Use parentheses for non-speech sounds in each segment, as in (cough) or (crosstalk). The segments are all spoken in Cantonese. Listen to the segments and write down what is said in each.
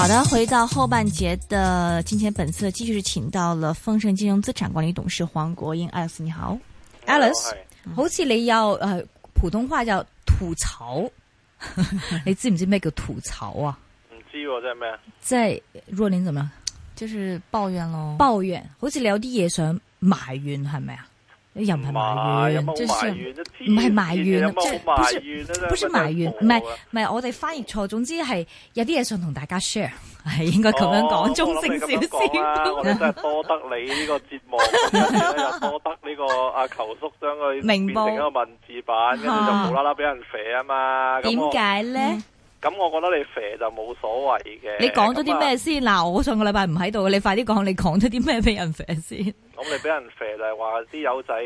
好的，回到後半截的金錢本色，繼續是請到了豐盛金融資產管理董事黃國英，Alice 你好，Alice，好似你要誒普通話叫吐槽，你知唔知咩叫吐槽啊？唔知即係咩？即係若林怎麼樣？就是抱怨咯。抱怨好似你有啲嘢想埋怨係咪啊？你又唔係埋怨，即係埋，唔係埋怨，不算埋怨，唔係唔係，我哋翻譯錯，總之係有啲嘢想同大家 share，係應該咁樣講中性少少啦。我哋真係多得你呢個節目，又多得呢個阿球叔將佢變成一個文字版，就無啦啦俾人肥啊嘛。點解咧？咁我覺得你肥就冇所謂嘅。你講咗啲咩先？嗱，我上個禮拜唔喺度，你快啲講，你講咗啲咩俾人肥先？咁、嗯、 (noise) 你俾人肥，就係話啲友仔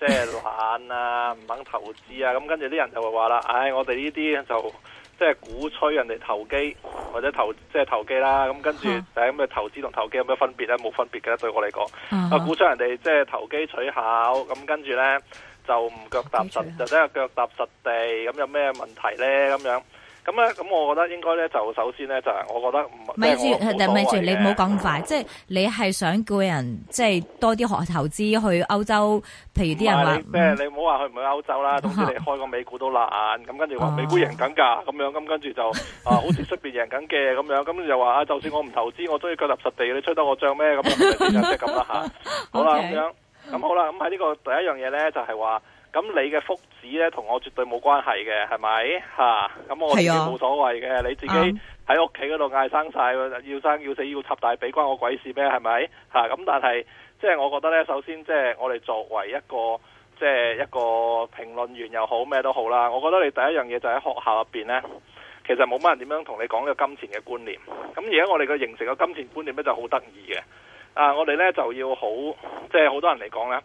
即係懶啊，唔肯投資啊，咁跟住啲人就會話啦，唉，我哋呢啲就即係鼓吹人哋投機或者投即係、就是、投機啦，咁跟住誒咁嘅投資同投機有咩分別咧？冇分別嘅，對我嚟講，啊鼓吹人哋即係投機取巧，咁跟住咧就唔腳踏實，就真係腳踏實地，咁有咩問題咧？咁樣。咁咧，咁我覺得應該咧，就首先咧，就係我覺得唔。咪住，咪住，你唔好講咁快。即係你係想叫人即係多啲學投資去歐洲，譬如啲人話咩？你唔好話去唔去歐洲啦，總之你開個美股都辣眼。」咁跟住話美股贏緊㗎，咁樣咁跟住就啊，好似出邊贏緊嘅咁樣。咁就話啊，就算我唔投資，我中意腳踏實地，你吹得我漲咩？咁就即係咁啦嚇。好啦，咁樣咁好啦。咁喺呢個第一樣嘢咧，就係話。咁你嘅福祉咧，同我絕對冇關係嘅，係咪？吓、啊，咁我哋冇所謂嘅，啊、你自己喺屋企嗰度嗌生晒，要生要死要插大髀，俾關我鬼事咩？係咪？吓、啊，咁但係，即、就、係、是、我覺得咧，首先即係我哋作為一個即係、就是、一個評論員又好咩都好啦，我覺得你第一樣嘢就喺學校入邊咧，其實冇乜人點樣同你講呢個金錢嘅觀念。咁而家我哋嘅形成嘅金錢觀念咧就好得意嘅。啊，我哋咧就要好，即係好多人嚟講咧。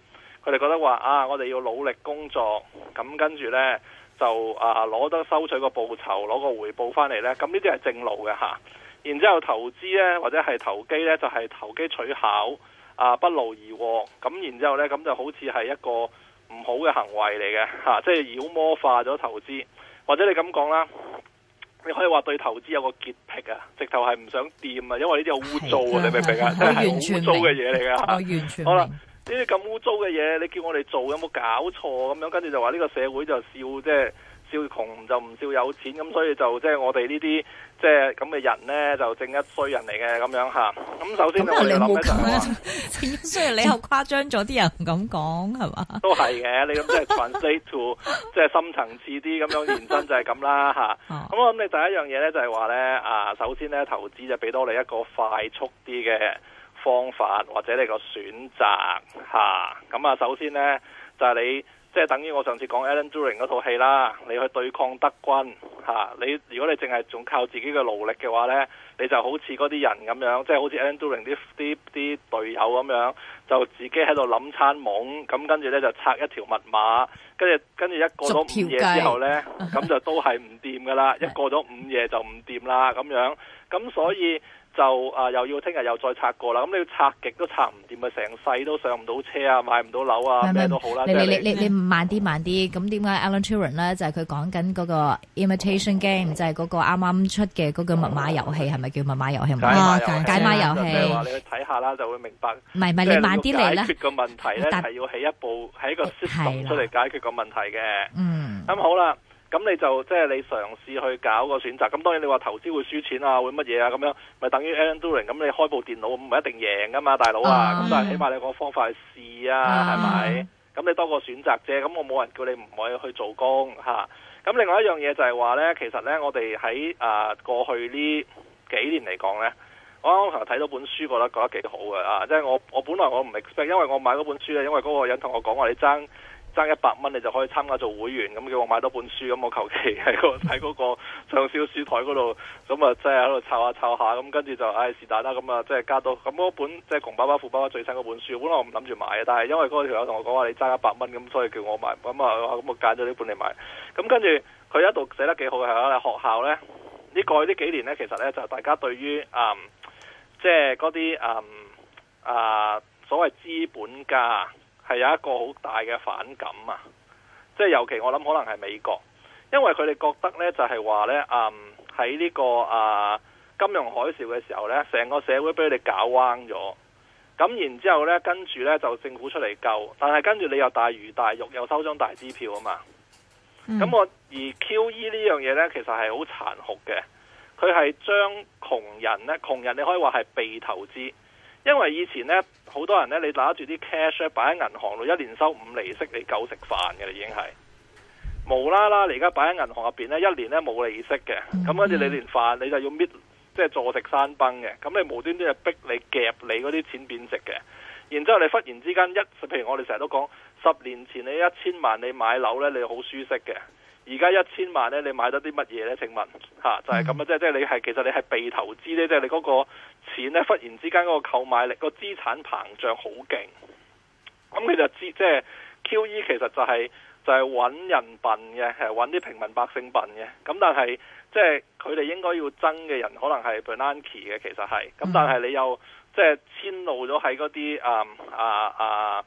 佢哋覺得話啊，我哋要努力工作，咁、嗯、跟住呢，就啊攞得收取個報酬，攞個回報翻嚟呢。咁呢啲係正路嘅嚇。然之後投資呢，或者係投機呢，就係、是、投機取巧啊，不勞而獲。咁、嗯、然之後呢，咁就好似係一個唔好嘅行為嚟嘅嚇。即係妖魔化咗投資，或者你咁講啦，你可以話對投資有個潔癖啊，直頭係唔想掂啊，因為呢啲係污糟啊，的你明唔明啊？即係好污糟嘅嘢嚟噶嚇。好啦。呢啲咁污糟嘅嘢，你叫我哋做有冇搞錯咁樣？跟住就話呢個社會就笑，即係笑窮就唔笑有錢咁，所以就即係我哋呢啲即係咁嘅人咧，就正一衰人嚟嘅咁樣吓，咁首先就我哋諗咩先啊？雖然你又誇張咗啲人唔敢講係嘛？都係嘅，你咁即係 translate to 即係 (laughs) 深層次啲咁樣延伸就係咁啦吓，咁啊我諗你第一樣嘢咧就係話咧啊，首先咧投資就俾多你一個快速啲嘅。方法或者你個選擇嚇，咁啊，啊首先呢，就係、是、你即係、就是、等於我上次講 Alan Turing 嗰套戲啦，你去對抗德軍嚇、啊，你如果你淨係仲靠自己嘅勞力嘅話呢，你就好似嗰啲人咁樣，即、就、係、是、好似 Alan Turing 啲啲啲隊友咁樣，就自己喺度諗餐懵。咁、啊、跟住呢，就拆一條密碼，跟住跟住一過咗午夜之後呢，咁 (laughs) 就都係唔掂㗎喇， (laughs) 一過咗午夜就唔掂喇咁樣，咁所以。就啊又要聽日又再拆過啦，咁你要拆極都拆唔掂啊！成世都上唔到車啊，買唔到樓啊，咩都好啦。你你你你你慢啲慢啲，咁點解 Alan Turing 咧就係佢講緊嗰個 Imitation Game，就係嗰個啱啱出嘅嗰個密碼遊戲，係咪叫密碼遊戲啊？解碼遊戲。就話你去睇下啦，就會明白。唔係你慢啲嚟啦。解決個問題咧係要起一部起個系統出嚟解決個問題嘅。嗯，咁好啦。咁你就即係、就是、你嘗試去搞個選擇，咁當然你話投資會輸錢啊，會乜嘢啊咁樣，咪等於 and doing 咁你開部電腦唔係一定贏噶嘛，大佬啊，咁、uh huh. 但係起碼你個方法係試啊，係咪、uh？咁、huh. 你多個選擇啫，咁我冇人叫你唔可以去做工吓。咁、啊、另外一樣嘢就係話呢，其實呢，我哋喺誒過去呢幾年嚟講呢，我剛才睇到本書覺，覺得覺得幾好嘅啊，即、就、係、是、我我本來我唔係 expect，因為我買嗰本書咧，因為嗰個人同我講話你爭。爭一百蚊，你就可以參加做會員咁，叫我買多本書咁、嗯，我求其喺嗰喺嗰個暢銷書台嗰度咁啊，即係喺度摷下摷下咁，跟住就唉是但啦咁啊，即係加多咁嗰本即係窮爸爸富爸爸最新嗰本書，本來我唔諗住買嘅，但係因為嗰條友同我講話你爭一百蚊咁，所以叫我買咁啊，咁、嗯、我揀咗呢本嚟買。咁跟住佢一度寫得幾好嘅係咧，學校呢。呢過去呢幾年呢，其實呢就大家對於、嗯嗯、啊，即係嗰啲啊啊所謂資本家。係有一個好大嘅反感啊！即係尤其我諗可能係美國，因為佢哋覺得呢就係話呢，嗯喺呢個啊金融海嘯嘅時候呢，成個社會俾你哋搞彎咗。咁然之後呢，跟住呢就政府出嚟救，但係跟住你又大魚大肉，又收張大支票啊嘛。咁，嗯，我而 QE 呢樣嘢呢，其實係好殘酷嘅，佢係將窮人呢，窮人你可以話係被投資。因為以前呢，好多人呢，你攞住啲 cash 咧，擺喺銀行度，一年收五釐息，你夠食飯嘅啦，已經係無啦啦，你而家擺喺銀行入邊咧，一年呢冇利息嘅，咁嗰陣你連飯你就要搣，即係坐食山崩嘅，咁你無端端就逼你夾你嗰啲錢貶值嘅，然之後你忽然之間一，譬如我哋成日都講，十年前你一千萬你買樓呢，你好舒適嘅。而家一千萬咧，你買得啲乜嘢呢？請問嚇、啊，就係咁啊！即係即係你係其實你係被投資、就是、呢？即係你嗰個錢咧忽然之間嗰個購買力、個資產膨脹好勁。咁、啊、佢就知、是，即係 QE 其實就係、是、就係、是、揾人笨嘅，係揾啲平民百姓笨嘅。咁但係即係佢哋應該要爭嘅人可能係 Bernanke 嘅，其實係。咁但係你又即係、就是、遷怒咗喺嗰啲啊啊啊！啊啊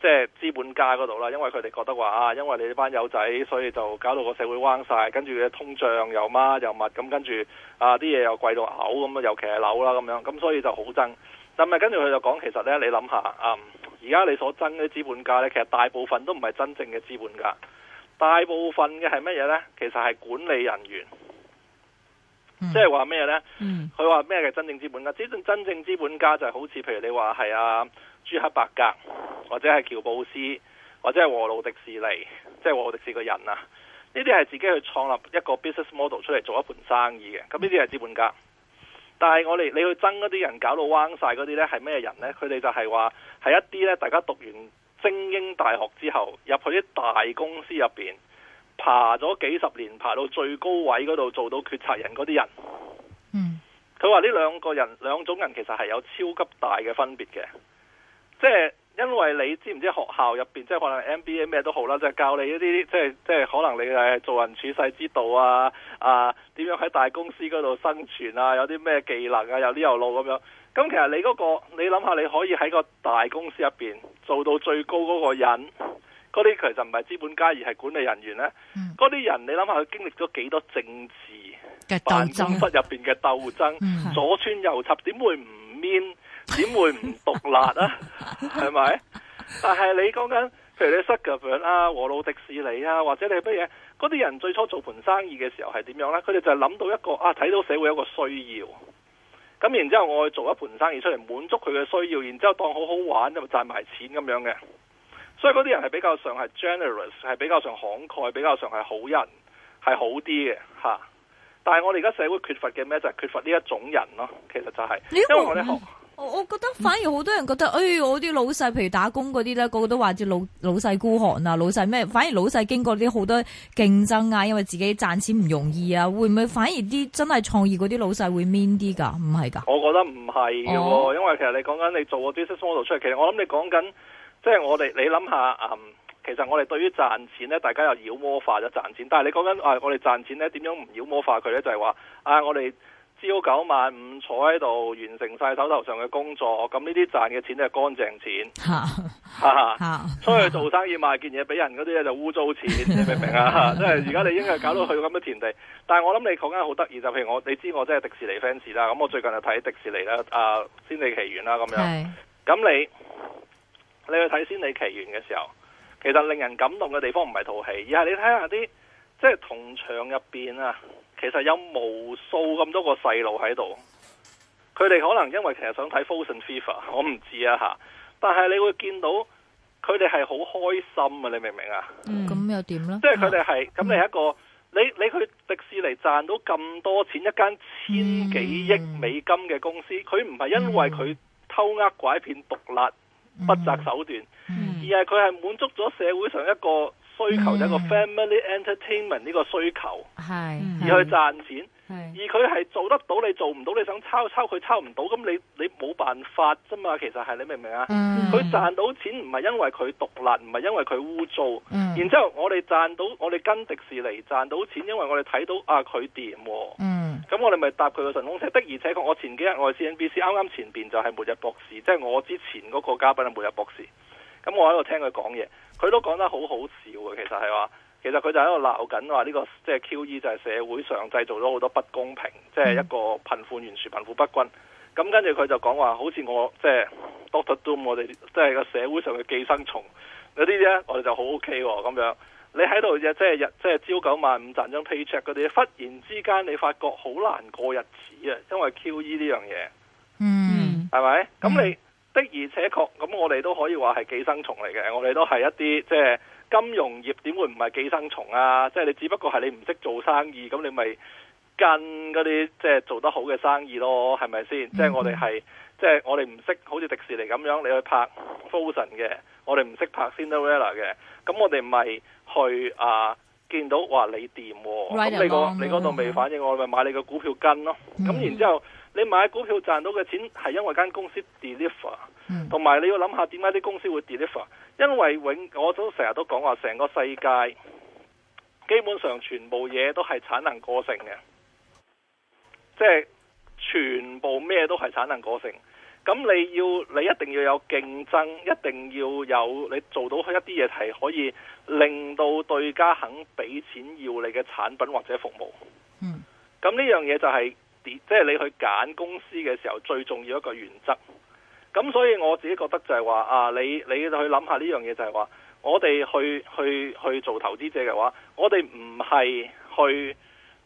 即係資本家嗰度啦，因為佢哋覺得話啊，因為你呢班友仔，所以就搞到個社會彎晒。跟住嘅通脹又孖又密，咁跟住啊啲嘢又貴到嘔，咁啊尤其係樓啦咁樣，咁所以就好憎。但係跟住佢就講其實呢，你諗下啊，而、嗯、家你所憎啲資本家呢，其實大部分都唔係真正嘅資本家，大部分嘅係乜嘢呢？其實係管理人員，即係話咩呢？佢話咩嘅真正資本家？真正資本家就係好似譬如你話係啊朱克伯格。或者係喬布斯，或者係和路迪士尼，即係和路迪士個人啊，呢啲係自己去創立一個 business model 出嚟做一盤生意嘅。咁呢啲係資本家，但係我哋你去爭嗰啲人搞到彎晒嗰啲呢係咩人呢？佢哋就係話係一啲咧，大家讀完精英大學之後入去啲大公司入邊，爬咗幾十年，爬到最高位嗰度做到決策人嗰啲人。嗯，佢話呢兩個人兩種人其實係有超級大嘅分別嘅，即係。因為你知唔知學校入邊，即係可能 MBA 咩都好啦，即就教你一啲即係即係可能你誒做人處世之道啊，啊點樣喺大公司嗰度生存啊，有啲咩技能啊，有呢又路咁樣。咁其實你嗰、嗰個你諗下，你可以喺個大公司入邊做到最高嗰個人，嗰啲其實唔係資本家而係管理人員咧。嗰啲、嗯、人你諗下，佢經歷咗幾多政治嘅鬥爭、嗯，辦公室入邊嘅鬥爭，嗯嗯、左穿右插，點會唔搣？點會唔獨立啊？係咪？但係你講緊，譬如你 Zuckerberg 啊、和老迪士尼啊，或者你乜嘢嗰啲人最初做盤生意嘅時候係點樣呢？佢哋就係諗到一個啊，睇到社會有個需要咁，然之後我去做一盤生意出嚟，滿足佢嘅需要，然之後當好好玩，咪賺埋錢咁樣嘅。所以嗰啲人係比較上係 generous，係比較上慷慨，比較上係好人係好啲嘅吓。但係我哋而家社會缺乏嘅咩就係缺乏呢一種人咯。其實就係因為我哋學。我覺得反而好多人覺得，哎，我啲老細，譬如打工嗰啲咧，個個都話住老老細孤寒啊，老細咩？反而老細經過啲好多競爭啊，因為自己賺錢唔容易啊。會唔會反而啲真係創業嗰啲老細會 mean 啲噶？唔係噶？我覺得唔係嘅，哦、因為其實你講緊你做 business model 出嚟，其實我諗你講緊即係我哋，你諗下，嗯，其實我哋對於賺錢咧，大家又妖魔化咗賺錢，但係你講緊啊，我哋賺錢咧點樣唔妖魔化佢咧？就係、是、話啊，我哋。.朝九晚五坐喺度完成晒手頭上嘅工作，咁呢啲賺嘅錢咧係乾淨錢，出 (laughs) (laughs) 去做生意賣件嘢俾人嗰啲咧就污糟錢， (laughs) 你明唔明啊？即係而家你應該搞到去咁嘅田地，但係我諗你講緊好得意就譬如我，你知我真係迪士尼 fans 啦，咁我最近就睇迪士尼啦，啊《仙履奇緣》啦咁樣，咁 (laughs) 你你去睇《仙履奇緣》嘅時候，其實令人感動嘅地方唔係套戲，而係你睇下啲即係同場入邊啊。其實有無數咁多個細路喺度，佢哋可能因為其實想睇 Frozen Fever，我唔知啊嚇。但係你會見到佢哋係好開心啊！你明唔明、嗯、啊？咁又點咧？即係佢哋係咁，你一個你你去迪士尼賺到咁多錢，一間千幾億美金嘅公司，佢唔係因為佢偷呃拐騙、毒辣、不擇手段，嗯嗯、而係佢係滿足咗社會上一個需求就係個 family entertainment 呢個需求，mm hmm. 而去賺錢，mm hmm. 而佢係做得到，你做唔到，你想抄抄佢抄唔到，咁你你冇辦法啫嘛。其實係你明唔明啊？佢、mm hmm. 賺到錢唔係因為佢獨立，唔係因為佢污糟。Mm hmm. 然之後我哋賺到，我哋跟迪士尼賺到錢，因為我哋睇到啊佢掂。咁、哦 mm hmm. 我哋咪搭佢個順風車。的而且確，我前幾日我喺 C N B C 啱啱前邊就係末日博士，即、就、係、是、我之前嗰個嘉賓係末日博士。咁我喺度聽佢講嘢。佢都講得好好笑嘅，其實係話，其實佢就喺度鬧緊話呢個即係 QE 就係、是 e、社會上製造咗好多不公平，即係、嗯、一個貧富懸殊、貧富不均。咁跟住佢就講話，好似我即係、就是、Doctor Doom，我哋即係個社會上嘅寄生蟲。有啲嘢我哋就好 OK 喎、哦，咁樣你喺度即係即係朝九晚五賺張 paycheck 嗰啲，忽然之間你發覺好難過日子啊，因為 QE 呢樣嘢，嗯，係咪吧？咁、嗯、你？的而且確，咁我哋都可以話係寄生蟲嚟嘅。我哋都係一啲即係金融業，點會唔係寄生蟲啊？即係你只不過係你唔識做生意，咁你咪跟嗰啲即係做得好嘅生意咯，係咪先？即係、嗯、我哋係即係我哋唔識，好似迪士尼咁樣，你去拍《Frozen》嘅，我哋唔識拍《Cinderella》嘅，咁我哋咪去啊見到話你掂咁 Right 你、嗰個 and on 你嗰度未反應，哦嗯、我咪買你個股票跟咯。咁然之後。嗯你買股票賺到嘅錢係因為間公司 deliver，同埋、嗯、你要諗下點解啲公司會 deliver，因為永我都成日都講話成個世界基本上全部嘢都係產能過剩嘅，即係全部咩都係產能過剩。咁你要你一定要有競爭，一定要有你做到一啲嘢係可以令到對家肯俾錢要你嘅產品或者服務。嗯，咁呢樣嘢就係。即係你去揀公司嘅時候最重要一個原則，咁所以我自己覺得就係話啊，你你去諗下呢樣嘢就係話，我哋去去去做投資者嘅話，我哋唔係去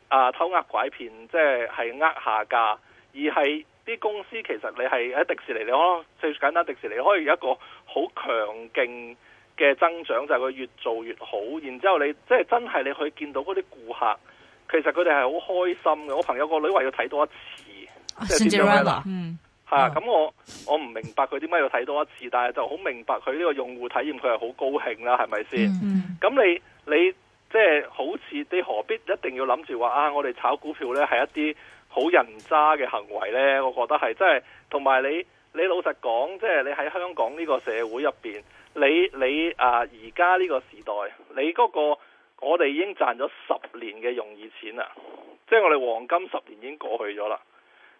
啊偷呃拐騙，即係係呃下價，而係啲公司其實你係喺迪士尼嚟講，最簡單迪士尼可以有一個好強勁嘅增長，就係佢越做越好，然之後你即係真係你去見到嗰啲顧客。其實佢哋係好開心嘅，我朋友個女話要睇多一次，即係、啊《Spiderman》咁我我唔明白佢點解要睇多一次，但係就好明白佢呢個用戶體驗佢係好高興啦，係咪先？咁、嗯、你你即係、就是、好似你何必一定要諗住話啊，我哋炒股票呢係一啲好人渣嘅行為呢。我覺得係即係。同、就、埋、是、你你老實講，即、就、係、是、你喺香港呢個社會入邊，你你啊而家呢個時代，你嗰、那個。我哋已經賺咗十年嘅容易錢啦，即係我哋黃金十年已經過去咗啦。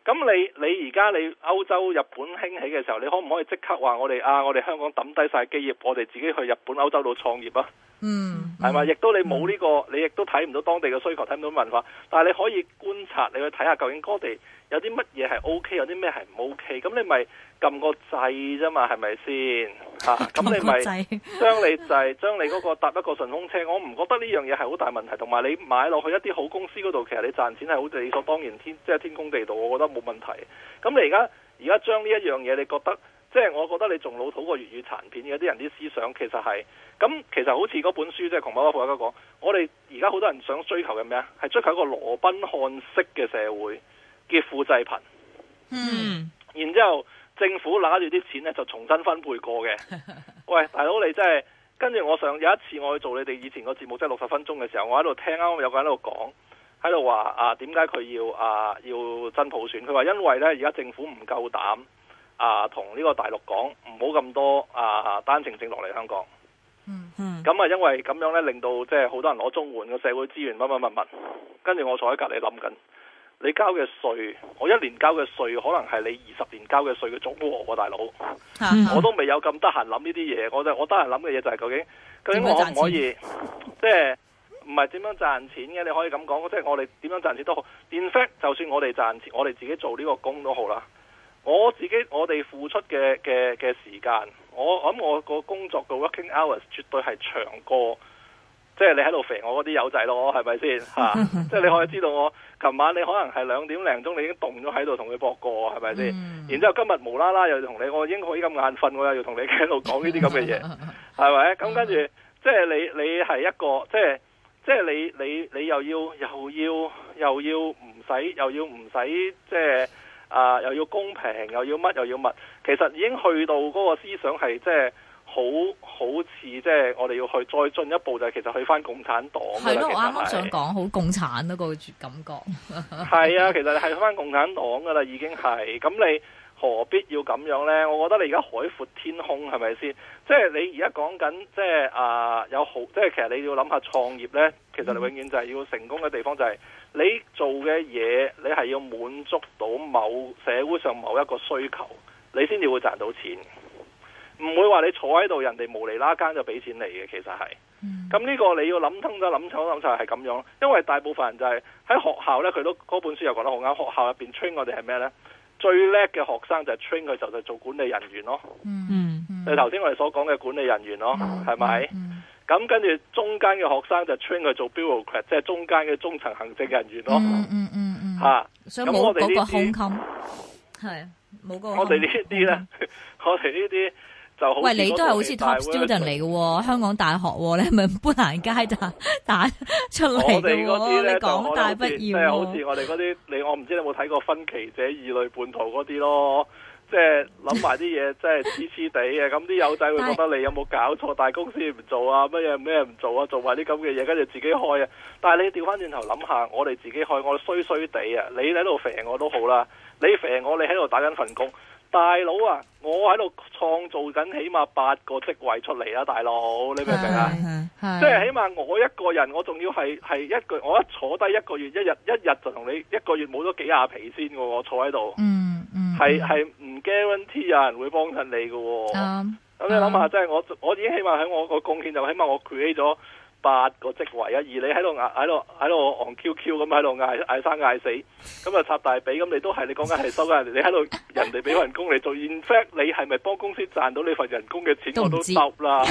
咁你你而家你歐洲日本興起嘅時候，你可唔可以即刻話我哋啊？我哋香港抌低晒基業，我哋自己去日本歐洲度創業啊？嗯，係咪，亦都你冇呢、這個，嗯、你亦都睇唔到當地嘅需求，睇唔到文化，但係你可以觀察，你去睇下究竟嗰地有啲乜嘢係 O K，有啲咩係唔 O K，咁你咪撳個掣啫嘛，係咪先？吓、 (laughs) 啊，咁你咪將你掣，將你嗰、那個搭一個順風車，我唔覺得呢樣嘢係好大問題，同埋你買落去一啲好公司嗰度，其實你賺錢係好理所當然，天即係、就是、天公地道，我覺得冇問題。咁你而家而家將呢一樣嘢，你覺得？即係我覺得你仲老土過粵語殘片有啲人啲思想，其實係咁。其實好似嗰本書即係窮爸爸富爸爸講，我哋而家好多人想追求嘅咩啊？係追求一個羅賓漢式嘅社會，嘅富濟貧。嗯。然之後政府攞住啲錢咧，就重新分配過嘅。喂，大佬，你真係跟住我上有一次我去做你哋以前個節目，即係六十分鐘嘅時候，我喺度聽啱有個人喺度講，喺度話啊點解佢要啊要真普選？佢話因為咧而家政府唔夠膽。啊，同呢個大陸講唔好咁多啊，單程證落嚟香港。嗯嗯。咁、嗯、啊，因為咁樣咧，令到即係好多人攞綜援嘅社會資源乜乜乜乜。跟住我坐喺隔離諗緊，你交嘅稅，我一年交嘅稅可能係你二十年交嘅稅嘅總和喎，大佬，啊。我都未有咁得閒諗呢啲嘢，我我得閒諗嘅嘢就係究竟究竟我可唔可以，即係唔係點樣賺錢嘅？你可以咁講，即、就、係、是、我哋點樣賺錢都好，in fact 就算我哋賺錢，我哋自己做呢個工都好啦。我自己我哋付出嘅嘅嘅時間，我我諗我個工作嘅 working hours 絕對係長過，即係你喺度肥我嗰啲友仔咯，係咪先？嚇！即係你可以知道我，琴晚你可能係兩點零鐘，你已經凍咗喺度同佢搏過，係咪先？然之後今日無啦啦又同你，我已經可以咁眼瞓，我又要同你喺度講呢啲咁嘅嘢，係咪？咁跟住即係你你係一個，即係即係你你你又要又要又要唔使又要唔使即係。啊！又要公平，又要乜，又要物，其實已經去到嗰個思想係即係好好似即係我哋要去再進一步，就係其實去翻共產黨。係咯，我啱啱想講好共產嗰個感覺。係 (laughs) 啊，其實係翻共產黨噶啦，已經係。咁你何必要咁樣呢？我覺得你而家海闊天空，係咪先？即係你而家講緊，即係啊有好，即係其實你要諗下創業咧，其實你永遠就係要成功嘅地方就係、是、你做嘅嘢，你係要滿足到某社會上某一個需求，你先至會賺到錢。唔會話你坐喺度，人哋無厘啦更就俾錢你嘅，其實係。咁呢個你要諗通咗，諗通諗就係咁樣。因為大部分人就係喺學校咧，佢都嗰本書又講得好啱。學校入邊 train 我哋係咩咧？最叻嘅學生就係 train 佢就係、是、做管理人員咯。嗯。你頭先我哋所講嘅管理人員咯，係咪？咁跟住中間嘅學生就 train 佢做 bureaucrat，即係中間嘅中層行政人員咯。嗯嗯嗯嗯。嚇、hmm. 啊，所以冇嗰、啊、個胸襟。係冇個。我哋呢啲咧，我哋呢啲就好似 top student 嚟嘅喎，香港大學咧咪搬閒街就打出嚟嘅喎。 (laughs) 你講大不要。好似、即係、我哋嗰啲，你我唔知你有冇睇過《分歧者二類叛徒嗰啲咯。即係諗埋啲嘢，即係黐黐地嘅。咁啲 (laughs) 友仔會覺得你有冇搞錯？大公司唔做啊，乜嘢咩唔做啊？做埋啲咁嘅嘢，跟住自己開啊！但係你調翻轉頭諗下，我哋自己開我衰衰地啊！你喺度肥我都好啦，你肥我，你喺度打緊份工，大佬啊！我喺度創造緊起碼八個職位出嚟啊。大佬，你明唔明啊？即係 (laughs) (laughs) 起碼我一個人，我仲要係係一個，我一坐低一個月一日一日就同你一個月冇咗幾廿皮先噶，我坐喺度。 (laughs) (laughs) 係係唔、mm hmm. guarantee 有人會幫襯你嘅、哦，咁、um, 你諗下，即係、um, 我我已經起碼喺我，貢獻我個貢獻就起碼我 create 咗八個職位啊，而你喺度嗌喺度喺度戇 QQ 咁喺度嗌嗌生嗌死，咁啊插大髀，咁你都係你講緊係收人哋，你喺度人哋俾人工你做，in fact 你係咪幫公司賺到呢份人工嘅錢，都我都得啦，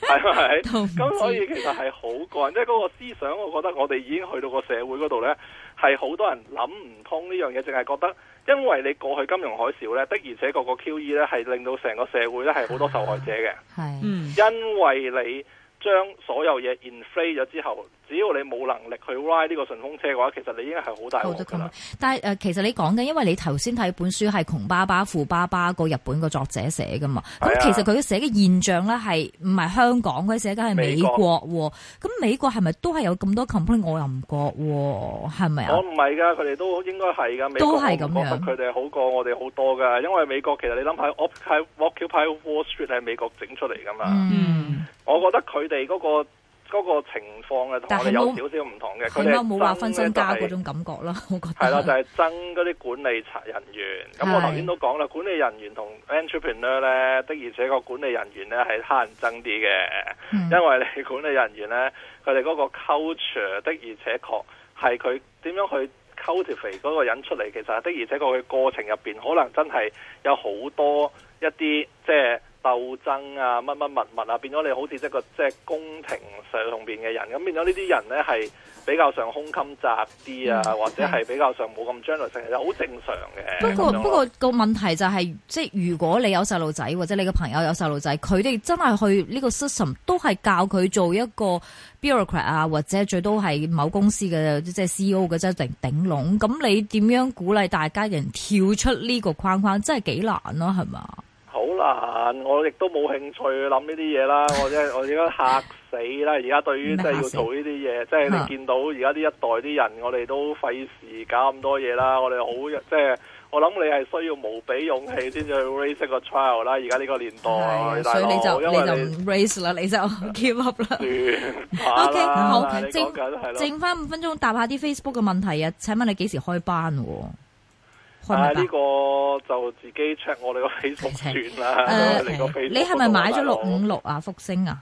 係咪？咁所以其實係好怪，即係嗰個思想，我覺得我哋已經去到個社會嗰度咧，係好多人諗唔通呢樣嘢，淨係覺得。因為你過去金融海嘯呢，的而且個個 QE 呢，係令到成個社會呢，係好多受害者嘅，係、啊，因為你將所有嘢 inflate 咗之後。只要你冇能力去 ride 呢個順風車嘅話，其實你已經係好大鑊但係誒、呃，其實你講緊，因為你頭先睇本書係窮爸爸富爸爸個日本個作者寫嘅嘛。咁、啊、其實佢寫嘅現象咧係唔係香港佢寫緊係美國喎？咁美國係咪、哦、都係有咁多 complaint 我又唔覺喎？係咪啊？我唔係㗎，佢哋都應該係㗎。都係咁樣。佢哋好過我哋好多㗎，因為美國其實你諗下，Occupy Wall Street 係美國整出嚟㗎嘛。嗯、我覺得佢哋嗰個。嗰個情況係同我哋有少少唔同嘅，佢哋新增咧係，係咯，就係憎嗰啲管理人員。咁的我頭先都講啦，管理人員同 entrepreneur 咧，的而且確管理人員咧係人憎啲嘅，嗯、因為你管理人員咧佢哋嗰個 culture 的而且確係佢點樣去 cultivate 嗰個人出嚟，其實的而且確佢過，過程入邊可能真係有好多一啲即係。鬥爭啊，乜乜物物啊，變咗你好似一個即係宮廷上邊嘅人，咁變咗呢啲人咧係比較上胸襟窄啲啊，嗯、或者係比較上冇咁將來性，其實好正常嘅過。不過不過、個問題就係、是，即係如果你有細路仔或者你嘅朋友有細路仔，佢哋真係去呢個 system 都係教佢做一個 bureaucrat 啊，或者最多係某公司嘅即係 CEO 嘅啫，定頂，頂籠。咁你點樣鼓勵大家人跳出呢個框框，真係幾難咯、啊，係咪？嗱，我亦都冇興趣諗呢啲嘢啦，我即係我而家嚇死啦！而家對於即係要做呢啲嘢，即係你見到而家呢一代啲人，我哋都費事搞咁多嘢啦，我哋好即係我諗你係需要無比勇氣先至去 raise 個 trial 啦！而家呢個年代，的哥所以你就你，你就唔 raise 啦，你就 keep up 啦。了 (laughs) O Okay , K，好，剩對剩翻五分鐘答下啲 Facebook 嘅問題啊！請問你幾時開班？啊！呢個就自己 check 我哋個尾數算啦。誒，你係咪買咗六五六啊？復星啊？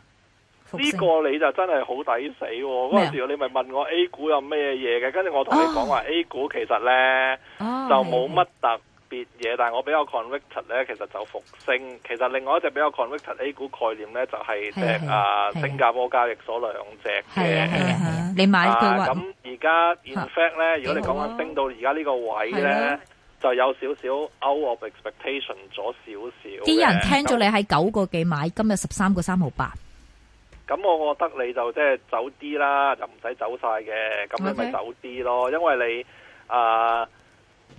呢個你就真係好抵死喎！嗰陣時你咪問我 A 股有咩嘢嘅，跟住我同你講話 A 股其實咧就冇乜特別嘢，但係我比較 convict 咧，其實就復星。其實另外一隻比較 convict A 股概念咧，就係即啊，新加坡交易所兩隻嘅。你買佢話咁而家 in fact 咧，如果你講緊升到而家呢個位咧。就有少少 out of expectation 咗少少。啲人聽咗你喺九個幾買，今日十三個三毫八。咁我覺得你就即係走啲啦，就唔使走晒嘅。咁你咪走啲咯，Okay. 因為你啊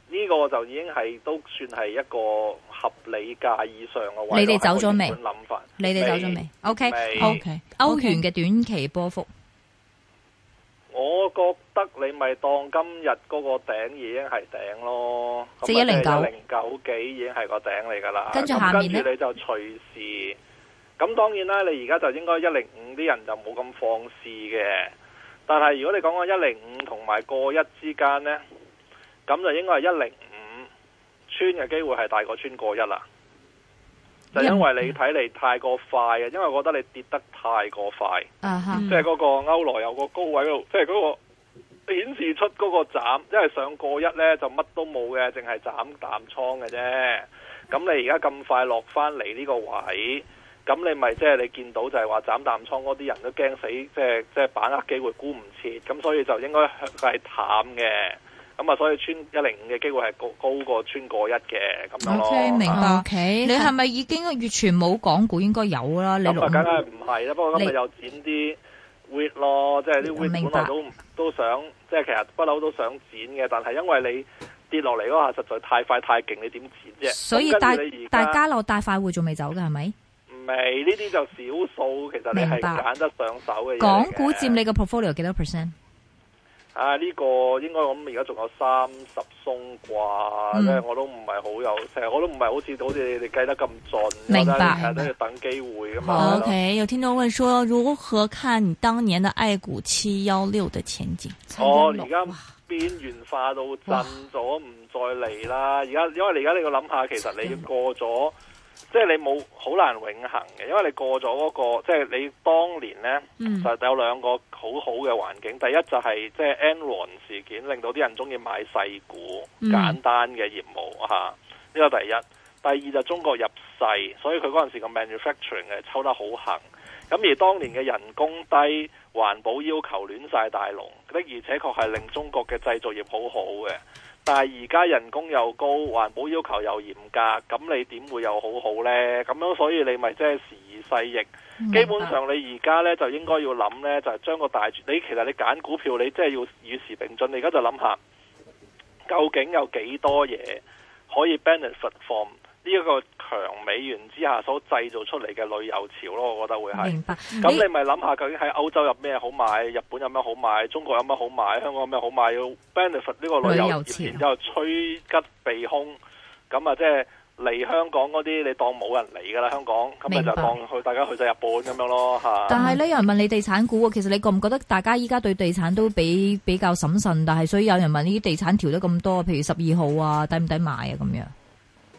呢、uh, 個就已經係都算係一個合理價以上嘅位啦。一般諗法，你哋走咗、okay. Okay. 未？O K O K，歐元嘅短期波幅，我覺。得你咪當今日嗰個頂已經係頂咯，咁啊，即係零九幾已經係個頂嚟噶啦。跟住下面呢，你就隨時咁。當然啦，你而家就應該一零五啲人就冇咁放肆嘅。但係如果你講個一零五同埋過一之間呢，咁就應該係一零五穿嘅機會係大過穿過一啦。就因為你睇嚟太過快呀，因為我覺得你跌得太過快，即係嗰個歐羅有個高位度，即係嗰個。顯示出嗰個斬，因為上過一咧，就乜都冇嘅，淨係斬淡倉嘅啫。咁你而家咁快落翻嚟呢個位，咁你咪即係你見到就係話斬淡倉嗰啲人都驚死，即係即係把握機會估唔切，咁所以就應該係淡嘅。咁啊，所以穿一零五嘅機會係高高過穿過一嘅咁咯。我聽、okay，明白、啊、Okay. 你係咪已經完全冇港股？應該有啦。咁啊，梗係唔係啦。不過今日又剪啲。匯咯，即係啲匯本來都都想，即係其實不嬲都想剪嘅，但係因為你跌落嚟嗰下實在太快太勁，你點剪啫？所以大大家樂大快匯仲未走㗎係咪？唔係呢啲就少數，其實你係揀得上手嘅嘢。港股佔你個 portfolio 幾多 percent？啊！呢、這個應該我咁而家仲有三十鬆啩，嗯、我都唔係好有，成日我都唔係好似好似你哋計得咁盡，明白？其實都要等機會㗎嘛。OK，道有聽眾問說，如何看你當年的愛股七幺六的前景？哦，而家邊緣化到震咗，唔哇再嚟啦。而家因為你而家你要諗下，其實你過咗。即係你冇好難永恒嘅，因為你過咗嗰、那個，即係你當年呢，嗯、就有兩個好好嘅環境。第一就係即係 Enron 事件令到啲人中意買細股簡單嘅業務吓，呢個、嗯啊、第一。第二就中國入世，所以佢嗰陣時嘅 manufacturing 係抽得好行。咁而當年嘅人工低，環保要求亂晒大龍，的而且確係令中國嘅製造業好好嘅。但係而家人工又高，環保要求又嚴格，咁你點會有好好呢？咁樣所以你咪即係時移世易。基本上你而家呢，就應該要諗呢，就係、是、將個大你其實你揀股票你即係要與時並進，你而家就諗下，究竟有幾多嘢可以 benefit from？呢一個強美元之下所製造出嚟嘅旅遊潮咯，我覺得會係。明白。咁你咪諗下，究竟喺歐洲有咩好買，日本有咩好買，中國有咩好買，香港有咩好買，要 Benefit 呢個旅遊，旅遊潮然之後趨吉避凶。咁啊，即係嚟香港嗰啲，你當冇人嚟㗎啦，香港。明白。咁咪就當去，大家去曬日本咁樣咯嚇。但係呢，嗯、有人問你地產股喎。其實你覺唔覺得大家依家對地產都比比較審慎？但係所以有人問呢啲地產調得咁多，譬如十二號啊，抵唔抵買啊咁樣？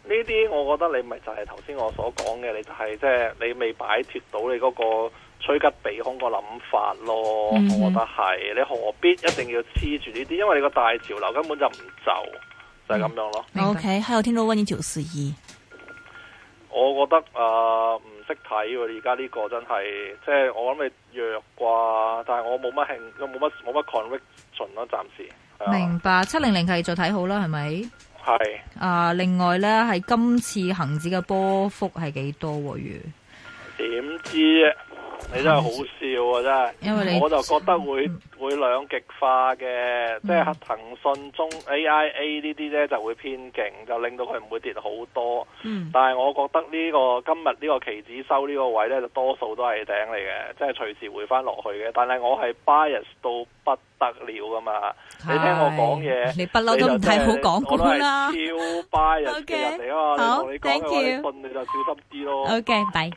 呢啲，我覺得你咪就係頭先我所講嘅，你就係即係你未擺脱到你嗰個趨吉避凶個諗法咯。嗯嗯我覺得係，你何必一定要黐住呢啲？因為你個大潮流根本就唔就，就係、是、咁樣咯。O K，係有聽眾問你條市，我覺得啊，唔識睇喎。而家呢個真係即係我諗你弱啩，但係我冇乜興，冇乜冇乜 conviction 咯。暫時,、啊、暫時明白，七零零係再睇好啦，係咪？係啊，另外呢，係今次恒指嘅波幅係幾多啊？點知？你真係好笑啊！真係，因為我就覺得會會兩極化嘅，即係騰訊中 AIA 呢啲咧就會偏勁，就令到佢唔會跌好多。但係我覺得呢個今日呢個期指收呢個位咧，就多數都係頂嚟嘅，即係隨時回翻落去嘅。但係我係 bias 到不得了噶嘛，你聽我講嘢，你不嬲都唔太好講啦。我都係超 bias 嘅人嚟啊嘛，你同你講嘅話，你信你就小心啲咯。OK，拜。